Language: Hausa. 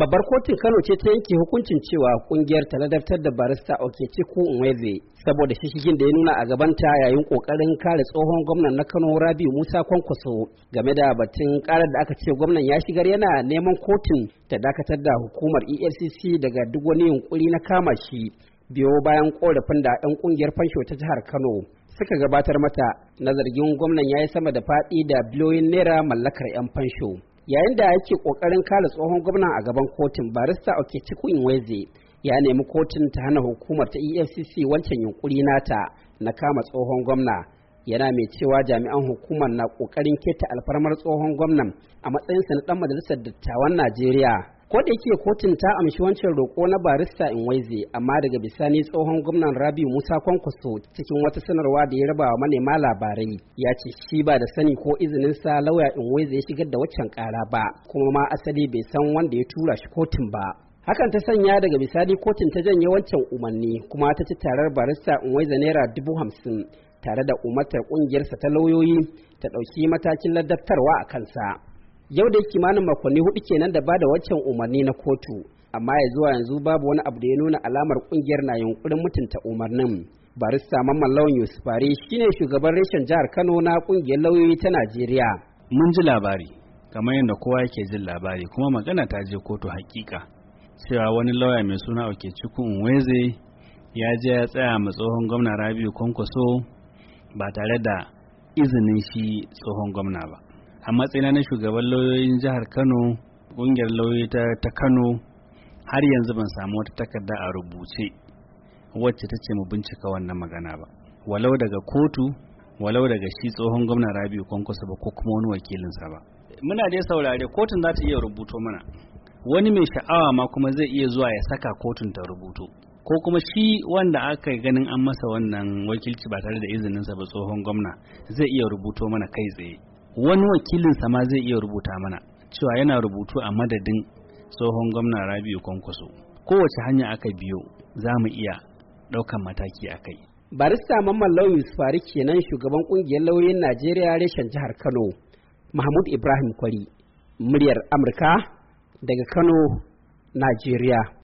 babbar kotun kano ce ta yanke hukuncin cewa kungiyar ta ladabtar da barista okechi ku nweze saboda shishigin da ya nuna a gabanta yayin kokarin kare tsohon gwamnan na kano rabi musa kwankwaso game da batun karar da aka ce gwamnan ya shigar yana neman kotun ta dakatar da hukumar efcc daga duk wani yunkuri na kama shi biyo bayan korafin da 'yan kungiyar fansho ta jihar kano suka gabatar mata na zargin gwamnan ya yi sama da faɗi da biliyoyin naira mallakar 'yan fansho yayin da yake kokarin kare tsohon gwamna a gaban kotun barista cikin waze ya nemi kotun ta hana hukumar ta efcc wancan yunkuri nata na kama tsohon gwamna yana mai cewa jami'an hukumar na kokarin keta alfarmar tsohon gwamnan a matsayinsa na dan majalisar dattawan najeriya ko da yake kotun ta amshi wancan roƙo na barista in waize amma daga bisani tsohon gwamnan Rabi musa kwankwaso cikin wata sanarwa da ya raba wa manema labarai ya ce shi ba da sani ko izinin sa lauya in waize ya shigar da waccan ƙara ba kuma ma asali bai san wanda ya tura shi kotun ba hakan ta sanya daga bisani kotun ta janye wancan umarni kuma ta ci tarar barista in waize naira dubu hamsin tare da umartar ƙungiyarsa ta lauyoyi ta ɗauki matakin ladabtarwa a kansa yau da kimanin makonni hudu kenan da ba da waccan umarni na kotu amma ya zuwa yanzu babu wani abu da ya nuna alamar kungiyar na yunkurin mutunta umarnin barista mamman lawan yusuf fari shine shugaban reshen jihar kano na kungiyar lauyoyi ta najeriya mun ji labari kamar yadda kowa yake jin labari kuma magana ta je kotu hakika cewa wani lauya mai suna cikin nweze ya je ya tsaya ma tsohon gwamna rabiu kwankwaso ba tare da izinin shi tsohon gwamna ba a matsayina na shugaban lauyoyin jihar kano kungiyar lauyoyi ta kano har yanzu ban samu wata takarda a rubuce wacce ta ce mu bincika wannan magana ba walau daga kotu walau daga shi tsohon gwamna rabiu kwankwasa ba ko kuma wani wakilinsa ba muna dai saurare kotun za ta iya rubuto mana wani mai sha'awa ma kuma zai iya zuwa ya saka kotun ta rubuto ko kuma shi wanda aka ganin an masa wannan wakilci ba tare da izininsa ba tsohon gwamna zai iya rubuto mana kai tsaye wani wakilinsa ma zai iya rubuta mana cewa yana rubutu a madadin tsohon gwamna rabiu kwankwaso kowace hanya aka biyo za mu iya ɗaukan mataki a kai barista mamman lauyi sufari kenan shugaban kungiyar lauyoyin najeriya reshen jihar kano mahmud ibrahim kwari muryar amurka daga kano najeriya